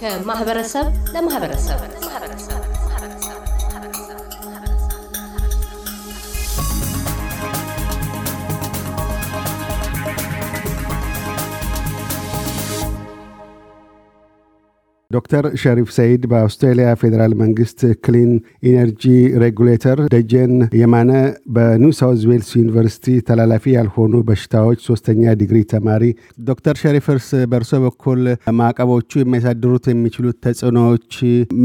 ከማህበረሰብ ለማህበረሰብ ዶክተር ሸሪፍ ሰይድ በአውስትራሊያ ፌዴራል መንግስት ክሊን ኢነርጂ ሬጉሌተር፣ ደጀን የማነ በኒው ሳውዝ ዌልስ ዩኒቨርሲቲ ተላላፊ ያልሆኑ በሽታዎች ሶስተኛ ዲግሪ ተማሪ። ዶክተር ሸሪፍርስ በእርሶ በኩል ማዕቀቦቹ የሚያሳድሩት የሚችሉት ተጽዕኖዎች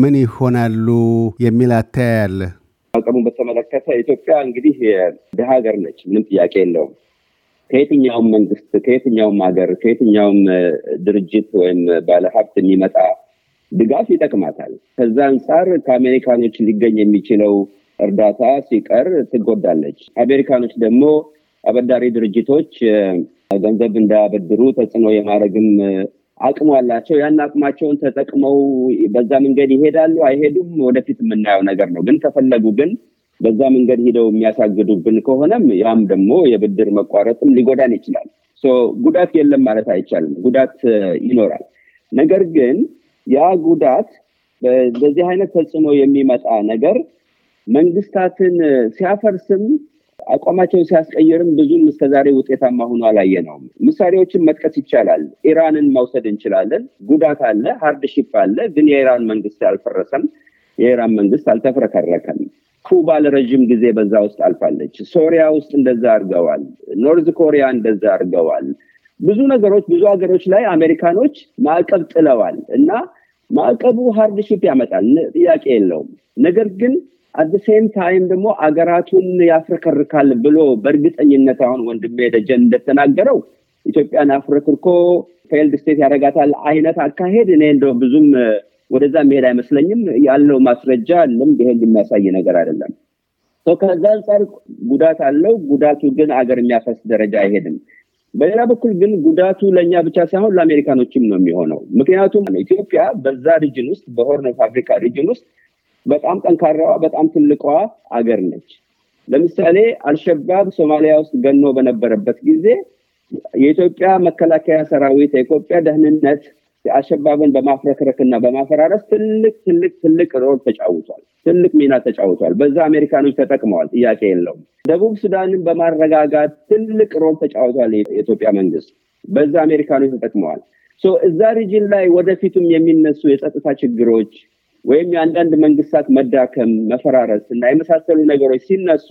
ምን ይሆናሉ የሚል አተያያል? ማዕቀቡን በተመለከተ ኢትዮጵያ እንግዲህ ድሀ ሀገር ነች፣ ምንም ጥያቄ የለውም። ከየትኛውም መንግስት፣ ከየትኛውም ሀገር፣ ከየትኛውም ድርጅት ወይም ባለሀብት የሚመጣ ድጋፍ ይጠቅማታል። ከዛ አንጻር ከአሜሪካኖች ሊገኝ የሚችለው እርዳታ ሲቀር ትጎዳለች። አሜሪካኖች ደግሞ አበዳሪ ድርጅቶች ገንዘብ እንዳያበድሩ ተጽዕኖ የማድረግም አቅሙ አላቸው። ያን አቅማቸውን ተጠቅመው በዛ መንገድ ይሄዳሉ አይሄዱም፣ ወደፊት የምናየው ነገር ነው። ግን ከፈለጉ ግን በዛ መንገድ ሂደው የሚያሳግዱብን ከሆነም ያም ደግሞ የብድር መቋረጥም ሊጎዳን ይችላል። ጉዳት የለም ማለት አይቻልም፣ ጉዳት ይኖራል። ነገር ግን ያ ጉዳት በዚህ አይነት ተጽዕኖ የሚመጣ ነገር መንግስታትን ሲያፈርስም አቋማቸውን ሲያስቀይርም ብዙም እስከዛሬ ውጤታማ ሆኖ አላየ ነው። ምሳሌዎችን መጥቀስ ይቻላል። ኢራንን መውሰድ እንችላለን። ጉዳት አለ፣ ሃርድሺፕ አለ፣ ግን የኢራን መንግስት አልፈረሰም። የኢራን መንግስት አልተፍረከረከም። ኩባ ለረዥም ጊዜ በዛ ውስጥ አልፋለች። ሶሪያ ውስጥ እንደዛ አድርገዋል። ኖርዝ ኮሪያ እንደዛ አድርገዋል። ብዙ ነገሮች ብዙ ሀገሮች ላይ አሜሪካኖች ማዕቀብ ጥለዋል እና ማዕቀቡ ሃርድሺፕ ያመጣል፣ ጥያቄ የለውም። ነገር ግን አደሴም ታይም ደግሞ አገራቱን ያፍረከርካል ብሎ በእርግጠኝነት አሁን ወንድሜ ደጀን እንደተናገረው ኢትዮጵያን አፍረክርኮ ፌልድ ስቴት ያደረጋታል አይነት አካሄድ እኔ እንደ ብዙም ወደዛ መሄድ አይመስለኝም። ያለው ማስረጃ ልም ይሄን የሚያሳይ ነገር አይደለም። ከዛ አንጻር ጉዳት አለው። ጉዳቱ ግን አገር የሚያፈስ ደረጃ አይሄድም። በሌላ በኩል ግን ጉዳቱ ለእኛ ብቻ ሳይሆን ለአሜሪካኖችም ነው የሚሆነው። ምክንያቱም ኢትዮጵያ በዛ ሪጅን ውስጥ በሆርን ኦፍ አፍሪካ ሪጅን ውስጥ በጣም ጠንካራዋ በጣም ትልቋ አገር ነች። ለምሳሌ አልሸባብ ሶማሊያ ውስጥ ገኖ በነበረበት ጊዜ የኢትዮጵያ መከላከያ ሰራዊት፣ የኢትዮጵያ ደህንነት አሸባብን በማፍረክረክና በማፈራረስ ትልቅ ትልቅ ትልቅ ሮል ተጫውቷል። ትልቅ ሚና ተጫውቷል። በዛ አሜሪካኖች ተጠቅመዋል። ጥያቄ የለውም። ደቡብ ሱዳንን በማረጋጋት ትልቅ ሮል ተጫውቷል። የኢትዮጵያ መንግስት በዛ አሜሪካኖች ተጠቅመዋል። እዛ ሪጅን ላይ ወደፊትም የሚነሱ የጸጥታ ችግሮች ወይም የአንዳንድ መንግስታት መዳከም፣ መፈራረስ እና የመሳሰሉ ነገሮች ሲነሱ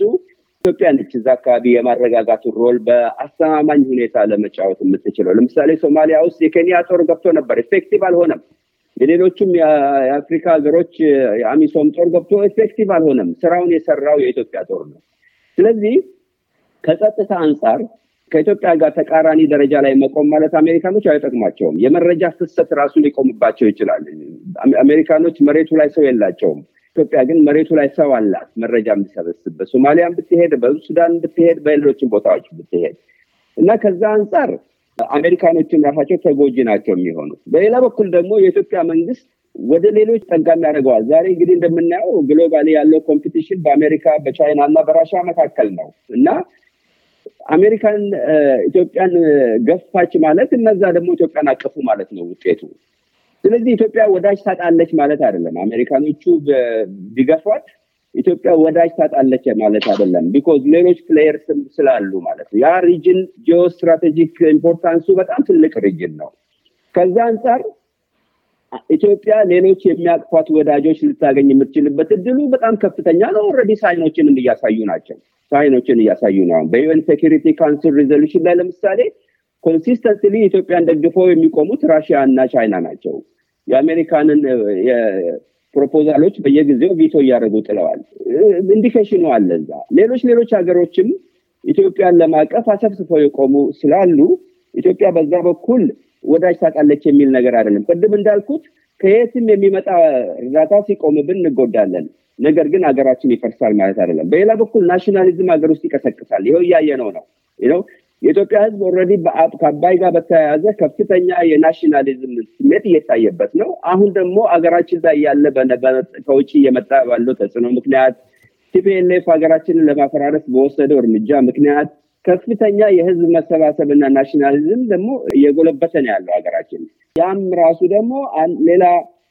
ኢትዮጵያ ነች እዛ አካባቢ የማረጋጋቱን ሮል በአስተማማኝ ሁኔታ ለመጫወት የምትችለው። ለምሳሌ ሶማሊያ ውስጥ የኬንያ ጦር ገብቶ ነበር፣ ኤፌክቲቭ አልሆነም። የሌሎቹም የአፍሪካ ሀገሮች የአሚሶም ጦር ገብቶ ኤፌክቲቭ አልሆነም። ስራውን የሰራው የኢትዮጵያ ጦር ነው። ስለዚህ ከጸጥታ አንጻር ከኢትዮጵያ ጋር ተቃራኒ ደረጃ ላይ መቆም ማለት አሜሪካኖች አይጠቅማቸውም። የመረጃ ፍሰት ራሱ ሊቆምባቸው ይችላል። አሜሪካኖች መሬቱ ላይ ሰው የላቸውም። ኢትዮጵያ ግን መሬቱ ላይ ሰው አላት መረጃ የምትሰበስብበት። ሶማሊያን ብትሄድ፣ በሱዳን ብትሄድ፣ በሌሎችም ቦታዎች ብትሄድ እና ከዛ አንጻር አሜሪካኖችን ራሳቸው ተጎጂ ናቸው የሚሆኑት። በሌላ በኩል ደግሞ የኢትዮጵያ መንግስት ወደ ሌሎች ጠጋሚ ያደርገዋል። ዛሬ እንግዲህ እንደምናየው ግሎባሊ ያለው ኮምፒቲሽን በአሜሪካ በቻይና እና በራሻ መካከል ነው እና አሜሪካን ኢትዮጵያን ገፋች ማለት እነዛ ደግሞ ኢትዮጵያን አቀፉ ማለት ነው ውጤቱ። ስለዚህ ኢትዮጵያ ወዳጅ ታጣለች ማለት አይደለም። አሜሪካኖቹ ቢገፏት ኢትዮጵያ ወዳጅ ታጣለች ማለት አይደለም። ቢኮዝ ሌሎች ፕሌየርስ ስላሉ ማለት ነው። ያ ሪጅን ጂኦ ስትራቴጂክ ኢምፖርታንሱ በጣም ትልቅ ሪጅን ነው። ከዛ አንጻር ኢትዮጵያ ሌሎች የሚያቅፏት ወዳጆች ልታገኝ የምትችልበት እድሉ በጣም ከፍተኛ ነው። ረዲ ሳይኖችንም እያሳዩ ናቸው። ሳይኖችን እያሳዩ ነው። በዩን ሴኪሪቲ ካውንስል ሪዞሉሽን ላይ ለምሳሌ ኮንሲስተንትሊ ኢትዮጵያን ደግፈው የሚቆሙት ራሽያ እና ቻይና ናቸው። የአሜሪካንን ፕሮፖዛሎች በየጊዜው ቪቶ እያደረጉ ጥለዋል። ኢንዲኬሽኑ አለ እዛ። ሌሎች ሌሎች ሀገሮችም ኢትዮጵያን ለማቀፍ አሰብስፈው የቆሙ ስላሉ ኢትዮጵያ በዛ በኩል ወዳጅ ታጣለች የሚል ነገር አይደለም። ቅድም እንዳልኩት ከየትም የሚመጣ እርዳታ ሲቆምብን እንጎዳለን። ነገር ግን ሀገራችን ይፈርሳል ማለት አይደለም። በሌላ በኩል ናሽናሊዝም ሀገር ውስጥ ይቀሰቅሳል። ይኸው እያየነው ነው ነው የኢትዮጵያ ህዝብ ኦረዲ ከአባይ ጋር በተያያዘ ከፍተኛ የናሽናሊዝም ስሜት እየታየበት ነው። አሁን ደግሞ አገራችን ላይ ያለ ከውጭ እየመጣ ባለው ተጽዕኖ ምክንያት ቲፒኤልኤፍ ሀገራችንን ለማፈራረስ በወሰደው እርምጃ ምክንያት ከፍተኛ የህዝብ መሰባሰብና ናሽናሊዝም ደግሞ እየጎለበተ ነው ያለው ሀገራችን። ያም ራሱ ደግሞ ሌላ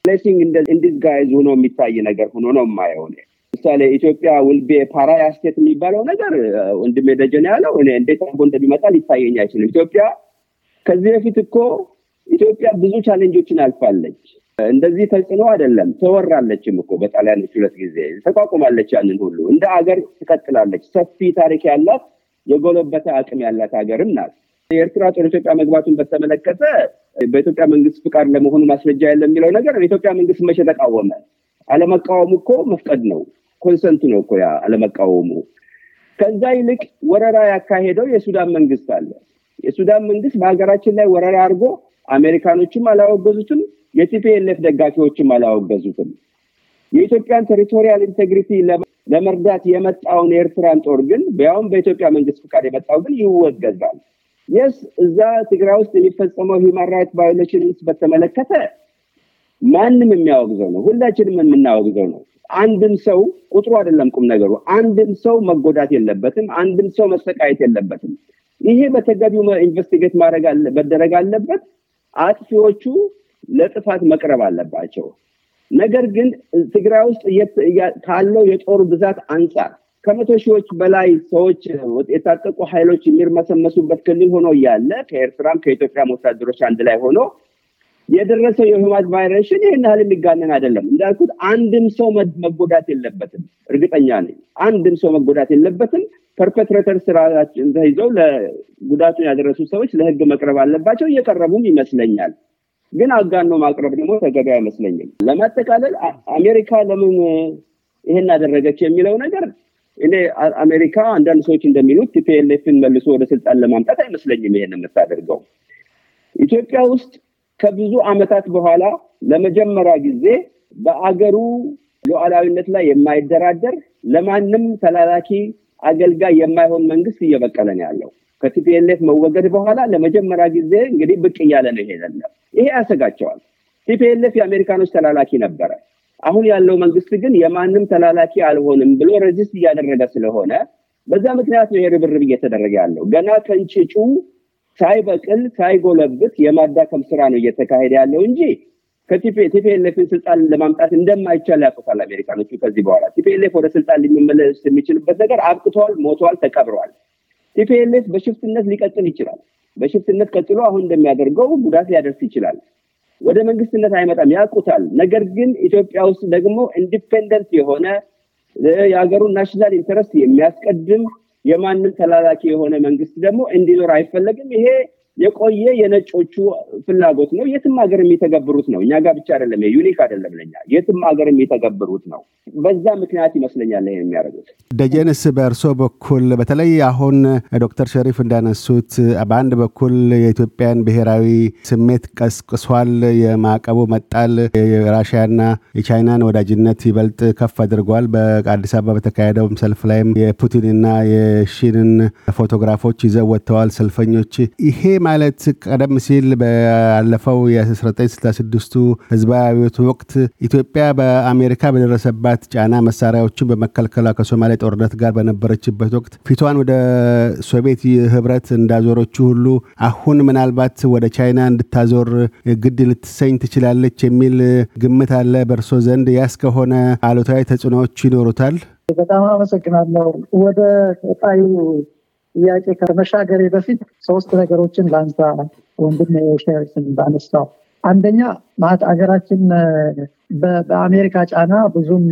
ብሌሲንግ እንዲዝ ሆኖ የሚታይ ነገር ሆኖ ነው የማየው ለምሳሌ ኢትዮጵያ ውልቤ ፓራያ ስቴት የሚባለው ነገር ወንድሜ ደጀን ያለው እኔ እንዴት አርጎ እንደሚመጣ ሊታየኝ አይችልም። ኢትዮጵያ ከዚህ በፊት እኮ ኢትዮጵያ ብዙ ቻሌንጆችን አልፋለች። እንደዚህ ተጽዕኖ አይደለም ተወራለችም እኮ በጣሊያኖች ሁለት ጊዜ ተቋቁማለች። ያንን ሁሉ እንደ አገር ትቀጥላለች። ሰፊ ታሪክ ያላት የጎለበተ አቅም ያላት ሀገርም ናት። የኤርትራ ጦር ኢትዮጵያ መግባቱን በተመለከተ በኢትዮጵያ መንግስት ፍቃድ ለመሆኑ ማስረጃ የለም የሚለው ነገር የኢትዮጵያ መንግስት መቼ ተቃወመ? አለመቃወሙ እኮ መፍቀድ ነው። ኮንሰንቱ ነው እኮ ያ አለመቃወሙ። ከዛ ይልቅ ወረራ ያካሄደው የሱዳን መንግስት አለ። የሱዳን መንግስት በሀገራችን ላይ ወረራ አድርጎ አሜሪካኖችም አላወገዙትም፣ የቲፒኤልኤፍ ደጋፊዎችም አላወገዙትም። የኢትዮጵያን ቴሪቶሪያል ኢንቴግሪቲ ለመርዳት የመጣውን የኤርትራን ጦር ግን ቢያውም በኢትዮጵያ መንግስት ፍቃድ የመጣው ግን ይወገዛል። የስ እዛ ትግራይ ውስጥ የሚፈጸመው ሂማን ራይት ቫዮሌሽንስ በተመለከተ ማንም የሚያወግዘው ነው። ሁላችንም የምናወግዘው ነው። አንድም ሰው ቁጥሩ አይደለም ቁም ነገሩ። አንድም ሰው መጎዳት የለበትም። አንድም ሰው መሰቃየት የለበትም። ይሄ በተገቢው ኢንቨስቲጌት መደረግ አለበት። አጥፊዎቹ ለጥፋት መቅረብ አለባቸው። ነገር ግን ትግራይ ውስጥ ካለው የጦር ብዛት አንጻር ከመቶ ሺዎች በላይ ሰዎች የታጠቁ ኃይሎች የሚርመሰመሱበት ክልል ሆኖ እያለ ከኤርትራም ከኢትዮጵያም ወታደሮች አንድ ላይ ሆኖ የደረሰው የህማት ቫይረሽን ይህን ያህል የሚጋነን አይደለም። እንዳልኩት አንድም ሰው መጎዳት የለበትም። እርግጠኛ ነኝ አንድም ሰው መጎዳት የለበትም። ፐርፔትሬተር ስራችን ተይዘው ለጉዳቱን ያደረሱ ሰዎች ለህግ መቅረብ አለባቸው። እየቀረቡም ይመስለኛል። ግን አጋኖ ማቅረብ ደግሞ ተገቢ አይመስለኝም። ለማጠቃለል አሜሪካ ለምን ይህን አደረገች የሚለው ነገር እኔ አሜሪካ አንዳንድ ሰዎች እንደሚሉት ቲፒኤልኤፍን መልሶ ወደ ስልጣን ለማምጣት አይመስለኝም ይሄን የምታደርገው ኢትዮጵያ ውስጥ ከብዙ ዓመታት በኋላ ለመጀመሪያ ጊዜ በአገሩ ሉዓላዊነት ላይ የማይደራደር ለማንም ተላላኪ አገልጋይ የማይሆን መንግስት እየበቀለ ነው ያለው። ከቲፒኤልኤፍ መወገድ በኋላ ለመጀመሪያ ጊዜ እንግዲህ ብቅ እያለ ነው ይሄደለ። ይሄ ያሰጋቸዋል። ቲፒኤልኤፍ የአሜሪካኖች ተላላኪ ነበረ። አሁን ያለው መንግስት ግን የማንም ተላላኪ አልሆንም ብሎ ሬዚስት እያደረገ ስለሆነ በዛ ምክንያት ነው ይሄ ርብርብ እየተደረገ ያለው። ገና ከእንጭጩ ሳይበቅል ሳይጎለብት የማዳከም ስራ ነው እየተካሄደ ያለው እንጂ ከቲፒኤልኤፍን ስልጣን ለማምጣት እንደማይቻል ያውቁታል አሜሪካኖቹ። ከዚህ በኋላ ቲፒኤልኤፍ ወደ ስልጣን ሊመለስ የሚችልበት ነገር አብቅተዋል፣ ሞተዋል፣ ተቀብረዋል። ቲፒኤልኤፍ በሽፍትነት ሊቀጥል ይችላል። በሽፍትነት ቀጥሎ አሁን እንደሚያደርገው ጉዳት ሊያደርስ ይችላል። ወደ መንግስትነት አይመጣም፣ ያውቁታል። ነገር ግን ኢትዮጵያ ውስጥ ደግሞ ኢንዲፔንደንት የሆነ የሀገሩን ናሽናል ኢንተረስት የሚያስቀድም የማንም ተላላኪ የሆነ መንግስት ደግሞ እንዲኖር አይፈለግም። ይሄ የቆየ የነጮቹ ፍላጎት ነው። የትም ሀገር የሚተገብሩት ነው። እኛ ጋር ብቻ አይደለም፣ ዩኒክ አይደለም ለኛ። የትም ሀገር የሚተገብሩት ነው። በዛ ምክንያት ይመስለኛል ይህን የሚያደርጉት። ደጀንስ በእርሶ በኩል በተለይ አሁን ዶክተር ሸሪፍ እንዳነሱት በአንድ በኩል የኢትዮጵያን ብሔራዊ ስሜት ቀስቅሷል። የማዕቀቡ መጣል የራሽያና የቻይናን ወዳጅነት ይበልጥ ከፍ አድርጓል። በአዲስ አበባ በተካሄደው ሰልፍ ላይም የፑቲንና የሺንን ፎቶግራፎች ይዘው ወጥተዋል ሰልፈኞች ይሄ ማለት ቀደም ሲል ባለፈው የ1966ቱ ህዝባዊ አብዮት ወቅት ኢትዮጵያ በአሜሪካ በደረሰባት ጫና መሳሪያዎችን በመከልከሏ ከሶማሌ ጦርነት ጋር በነበረችበት ወቅት ፊቷን ወደ ሶቪየት ህብረት እንዳዞረችው ሁሉ አሁን ምናልባት ወደ ቻይና እንድታዞር ግድ ልትሰኝ ትችላለች የሚል ግምት አለ በእርሶ ዘንድ። ያስ ከሆነ አሉታዊ ተጽዕኖዎች ይኖሩታል። በጣም አመሰግናለሁ። ወደ ቀጣዩ ጥያቄ ከመሻገሬ በፊት ሶስት ነገሮችን ላንሳ። ወንድም ሸርስን ባነሳው አንደኛ ማት አገራችን በአሜሪካ ጫና ብዙም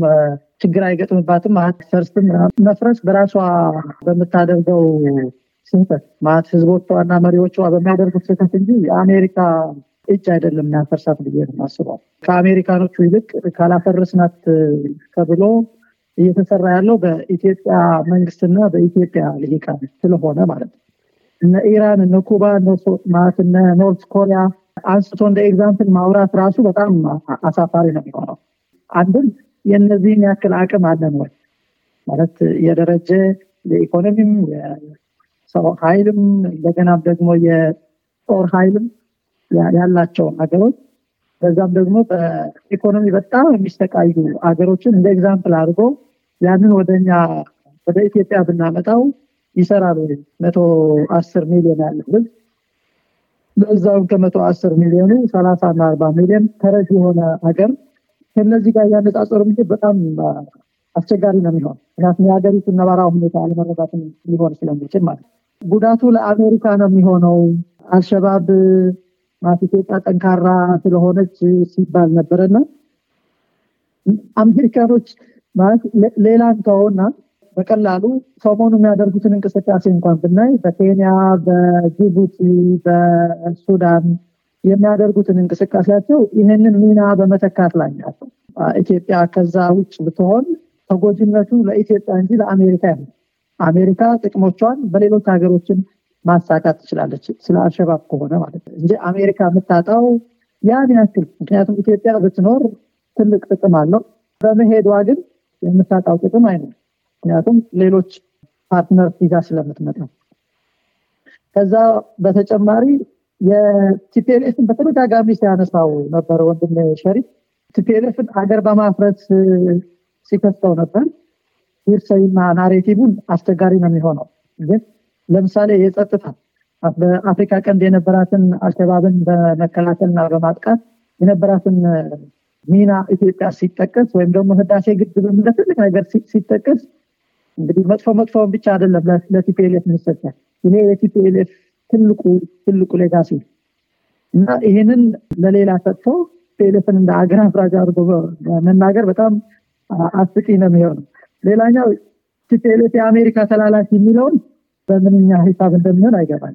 ችግር አይገጥምባትም። ማት ፈርስም መፍረስ በራሷ በምታደርገው ስህተት ማለት ህዝቦቿና መሪዎቿ በሚያደርጉት ስህተት እንጂ የአሜሪካ እጅ አይደለም ያፈርሳት ብዬ ነው የማስበው። ከአሜሪካኖቹ ይልቅ ካላፈርስናት ተብሎ እየተሰራ ያለው በኢትዮጵያ መንግስትና በኢትዮጵያ ልሂቃን ስለሆነ ማለት ነው። እነ ኢራን፣ እነ ኩባ፣ ማለት እነ ኖርት ኮሪያ አንስቶ እንደ ኤግዛምፕል ማውራት ራሱ በጣም አሳፋሪ ነው የሚሆነው። አንድም የእነዚህን ያክል አቅም አለን ወይ ማለት የደረጀ የኢኮኖሚም የሰው ኃይልም እንደገናም ደግሞ የጦር ኃይልም ያላቸው ሀገሮች በዛም ደግሞ በኢኮኖሚ በጣም የሚሰቃዩ ሀገሮችን እንደ ኤግዛምፕል አድርጎ ያንን ወደኛ ወደ ኢትዮጵያ ብናመጣው ይሰራል ወይ መቶ አስር ሚሊዮን ያለ ህዝብ በዛውም ከመቶ አስር ሚሊዮኑ ሰላሳ እና አርባ ሚሊዮን ተረጅ የሆነ ሀገር ከነዚህ ጋር ያነጻጸሩ ምግ በጣም አስቸጋሪ ነው የሚሆን ምክንያቱም የሀገሪቱ ነባራዊ ሁኔታ አለመረዳትን ሊሆን ስለሚችል ማለት ነው። ጉዳቱ ለአሜሪካ ነው የሚሆነው አልሸባብ ኢትዮጵያ ጠንካራ ስለሆነች ሲባል ነበረና አሜሪካኖች ማለት ሌላ እንተውና በቀላሉ ሰሞኑ የሚያደርጉትን እንቅስቃሴ እንኳን ብናይ በኬንያ፣ በጅቡቲ፣ በሱዳን የሚያደርጉትን እንቅስቃሴያቸው ይህንን ሚና በመተካት ላይ ያለው ኢትዮጵያ ከዛ ውጭ ብትሆን ተጎጂነቱ ለኢትዮጵያ እንጂ ለአሜሪካ አሜሪካ ጥቅሞቿን በሌሎች ሀገሮችን ማሳካት ትችላለች። ስለ አልሸባብ ከሆነ ማለት ነው እንጂ አሜሪካ የምታጣው ያን ያክል ምክንያቱም ኢትዮጵያ ብትኖር ትልቅ ጥቅም አለው። በመሄዷ ግን የምታጣው ጥቅም አይነ ምክንያቱም ሌሎች ፓርትነር ይዛ ስለምትመጣ። ከዛ በተጨማሪ የቲፒኤልኤፍን በተደጋጋሚ ሲያነሳው ነበረ ወንድም ሸሪፍ ቲፒኤልኤፍን አገር በማፍረስ ሲከሰው ነበር። ሂርሰይና ናሬቲቡን አስቸጋሪ ነው የሚሆነው ግን ለምሳሌ የጸጥታ በአፍሪካ ቀንድ የነበራትን አሸባብን በመከላከልና በማጥቃት የነበራትን ሚና ኢትዮጵያ ሲጠቀስ ወይም ደግሞ ህዳሴ ግድብ እንደ ትልቅ ነገር ሲጠቀስ እንግዲህ መጥፎ መጥፎውን ብቻ አይደለም ለቲፒኤልኤፍ የሚሰጠው ይሄ የቲፒኤልኤፍ ትልቁ ትልቁ ሌጋሲ እና ይህንን ለሌላ ሰጥቶ ቲፒኤልኤፍን እንደ አገር አፍራጅ አድርጎ መናገር በጣም አስቂ ነው የሚሆነው ሌላኛው ቲፒኤልኤፍ የአሜሪካ ተላላፊ የሚለውን በምንኛ ሂሳብ እንደሚሆን አይገባል።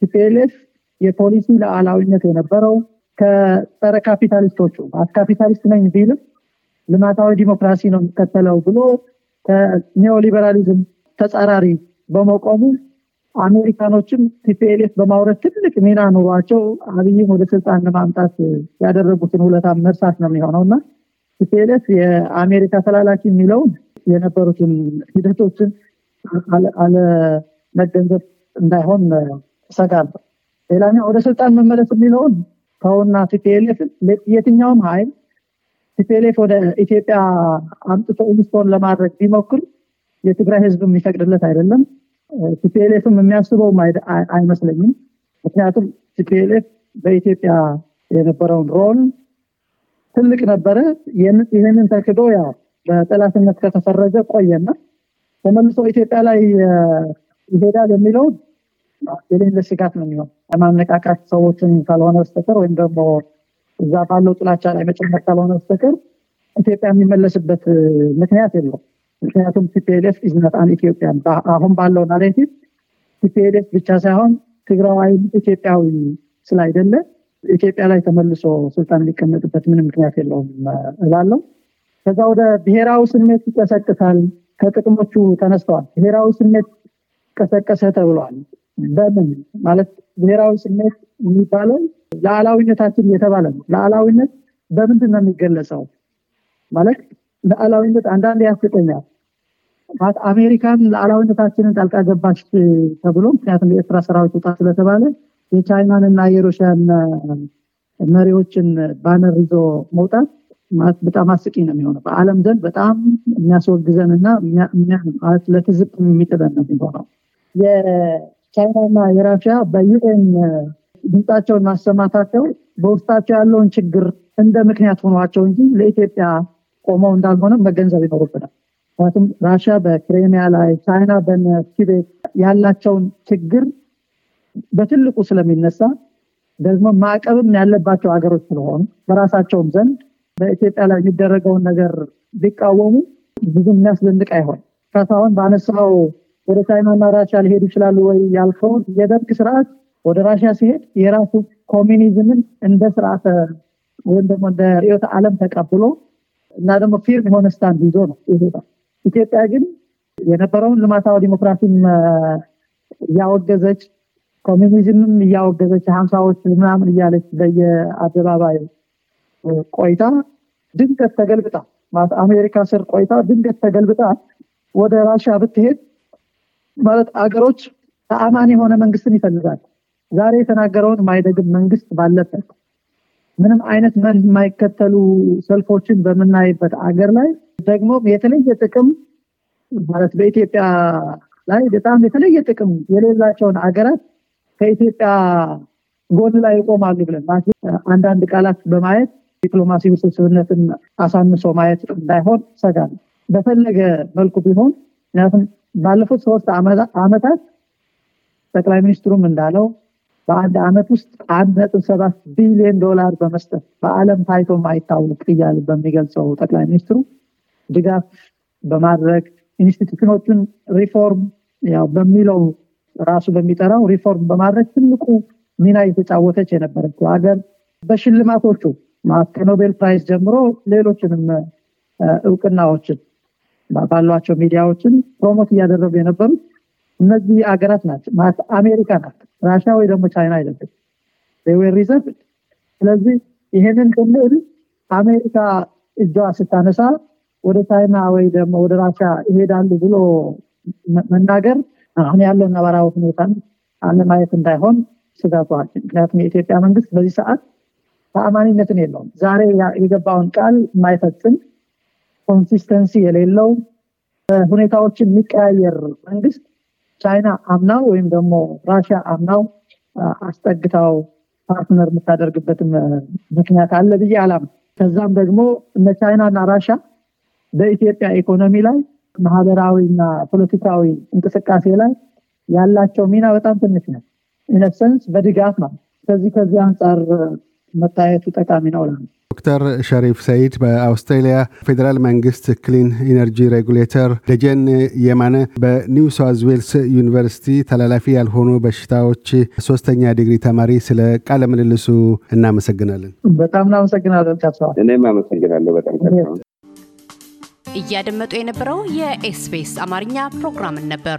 ቲፒኤልኤፍ የፖሊሲ ሉዓላዊነት የነበረው ከጸረ ካፒታሊስቶቹ ካፒታሊስት ነኝ ቢልም ልማታዊ ዲሞክራሲ ነው የሚከተለው ብሎ ከኒኦሊበራሊዝም ተጻራሪ በመቆሙ አሜሪካኖችም ቲፒኤልኤፍ በማውረድ ትልቅ ሚና ኑሯቸው አብይም ወደ ስልጣን ለማምጣት ያደረጉትን ውለታ መርሳት ነው የሚሆነው እና ቲፒኤልኤፍ የአሜሪካ ተላላኪ የሚለውን የነበሩትን ሂደቶችን መገንዘብ እንዳይሆን እሰጋለሁ። ሌላኛው ወደ ስልጣን መመለስ የሚለውን ከውና ቲፒኤልኤፍ የትኛውም ሀይል ቲፒኤልኤፍ ወደ ኢትዮጵያ አምጥቶ ኢንስቶን ለማድረግ ቢሞክር የትግራይ ህዝብ የሚፈቅድለት አይደለም። ቲፒኤልኤፍም የሚያስበውም አይመስለኝም። ምክንያቱም ቲፒኤልኤፍ በኢትዮጵያ የነበረውን ሮል ትልቅ ነበረ። ይህንን ተክዶ ያው በጠላትነት ከተፈረጀ ቆየና ተመልሶ ኢትዮጵያ ላይ ይሄዳል የሚለው የሌለ ስጋት ነው የሚሆን ለማነቃቃት ሰዎችን ካልሆነ በስተቀር ወይም ደግሞ እዛ ባለው ጥላቻ ላይ መጨመር ካልሆነ በስተቀር ኢትዮጵያ የሚመለስበት ምክንያት የለው። ምክንያቱም ቲፒኤልኤፍ ኢዝነት ኢትዮጵያን አሁን ባለው ናሬቲቭ ቲፒኤልኤፍ ብቻ ሳይሆን ትግራዋይም ኢትዮጵያዊ ስላይደለ ኢትዮጵያ ላይ ተመልሶ ስልጣን የሚቀመጥበት ምንም ምክንያት የለውም እላለው። ከዛ ወደ ብሔራዊ ስሜት ይቀሰቅሳል ከጥቅሞቹ ተነስተዋል። ብሔራዊ ስሜት ቀሰቀሰ ተብሏል። በምን ማለት ብሔራዊ ስሜት የሚባለው ለዓላዊነታችን እየተባለ ነው። ለአላዊነት በምንድን ነው የሚገለጸው? ማለት ለአላዊነት አንዳንድ ያስጠኛል። አሜሪካን ሉዓላዊነታችንን ጣልቃ ገባች ተብሎ ምክንያቱም የኤርትራ ሰራዊት ውጣ ስለተባለ የቻይናን እና የሩሲያን መሪዎችን ባነር ይዞ መውጣት ማለት በጣም አስቂ ነው የሚሆነው። በዓለም ዘንድ በጣም የሚያስወግዘንና ለትዝብ የሚጥለን ነው የሚሆነው። የቻይናና የራሽያ በዩኤን ድምፃቸውን ማሰማታቸው በውስጣቸው ያለውን ችግር እንደ ምክንያት ሆኗቸው እንጂ ለኢትዮጵያ ቆመው እንዳልሆነ መገንዘብ ይኖርብናል። ምክንያቱም ራሽያ በክሬሚያ ላይ፣ ቻይና በቲቤት ያላቸውን ችግር በትልቁ ስለሚነሳ ደግሞ ማዕቀብም ያለባቸው ሀገሮች ስለሆኑ በራሳቸውም ዘንድ በኢትዮጵያ ላይ የሚደረገውን ነገር ቢቃወሙ ብዙ የሚያስደንቅ አይሆን። ከሳሁን በአነሳው ወደ ቻይናና ራሽያ ሊሄዱ ይችላሉ ወይ ያልከውን የደርግ ስርዓት ወደ ራሽያ ሲሄድ የራሱ ኮሚኒዝምን እንደ ስርዓተ ወይም ደግሞ እንደ ርዕዮተ ዓለም ተቀብሎ እና ደግሞ ፊርም የሆነ ስታንድ ይዞ ነው ይሄዳል። ኢትዮጵያ ግን የነበረውን ልማታዊ ዲሞክራሲም እያወገዘች ኮሚኒዝምም እያወገዘች ሀምሳዎች ምናምን እያለች በየአደባባዩ ቆይታ ድንገት ተገልብጣ አሜሪካ ስር ቆይታ ድንገት ተገልብጣ ወደ ራሻ ብትሄድ ማለት አገሮች ተአማን የሆነ መንግስትን ይፈልጋል። ዛሬ የተናገረውን ማይደግም መንግስት ባለበት ምንም አይነት መን የማይከተሉ ሰልፎችን በምናይበት አገር ላይ ደግሞ የተለየ ጥቅም ማለት በኢትዮጵያ ላይ በጣም የተለየ ጥቅም የሌላቸውን አገራት ከኢትዮጵያ ጎን ላይ ይቆማሉ ብለን አንዳንድ ቃላት በማየት ዲፕሎማሲ ውስብስብነትን አሳንሶ ማየት እንዳይሆን ሰጋል። በፈለገ መልኩ ቢሆን ምክንያቱም ባለፉት ሶስት ዓመታት ጠቅላይ ሚኒስትሩም እንዳለው በአንድ ዓመት ውስጥ አንድ ነጥብ ሰባት ቢሊዮን ዶላር በመስጠት በዓለም ታይቶ አይታወቅ እያል በሚገልጸው ጠቅላይ ሚኒስትሩ ድጋፍ በማድረግ ኢንስቲቱሽኖቹን ሪፎርም ያው በሚለው ራሱ በሚጠራው ሪፎርም በማድረግ ትልቁ ሚና የተጫወተች የነበረችው ሀገር በሽልማቶቹ ከኖቤል ፕራይዝ ጀምሮ ሌሎችንም እውቅናዎችን ባሏቸው ሚዲያዎችን ፕሮሞት እያደረጉ የነበሩት እነዚህ አገራት ናቸው ማለት አሜሪካ ናት ራሻ ወይ ደግሞ ቻይና አይደለም ሪዘርቭ ስለዚህ ይሄንን ክልል አሜሪካ እጇ ስታነሳ ወደ ቻይና ወይ ደግሞ ወደ ራሻ ይሄዳሉ ብሎ መናገር አሁን ያለው ነባራዊ ሁኔታን አለማየት እንዳይሆን ስጋቷል ምክንያቱም የኢትዮጵያ መንግስት በዚህ ሰዓት ተአማኒነትን የለውም። ዛሬ የገባውን ቃል የማይፈጽም ኮንሲስተንሲ የሌለው ሁኔታዎችን የሚቀያየር መንግስት ቻይና አምናው ወይም ደግሞ ራሽያ አምናው አስጠግታው ፓርትነር የምታደርግበትም ምክንያት አለ ብዬ አላም። ከዛም ደግሞ እነ ቻይና እና ራሻ በኢትዮጵያ ኢኮኖሚ ላይ ማህበራዊና ፖለቲካዊ እንቅስቃሴ ላይ ያላቸው ሚና በጣም ትንሽ ነው። ኢነሰንስ በድጋፍ ነው። ከዚህ ከዚህ አንጻር መታየቱ ጠቃሚ ነው። ዶክተር ሸሪፍ ሰይድ በአውስትሬሊያ ፌዴራል መንግስት ክሊን ኢነርጂ ሬጉሌተር፣ ደጀን የማነ በኒው ሳውዝ ዌልስ ዩኒቨርሲቲ ተላላፊ ያልሆኑ በሽታዎች ሶስተኛ ዲግሪ ተማሪ፣ ስለ ቃለ ምልልሱ እናመሰግናለን። በጣም እናመሰግናለን ከሰዋል እኔም አመሰግናለሁ በጣም እያደመጡ የነበረው የኤስቢኤስ አማርኛ ፕሮግራምን ነበር።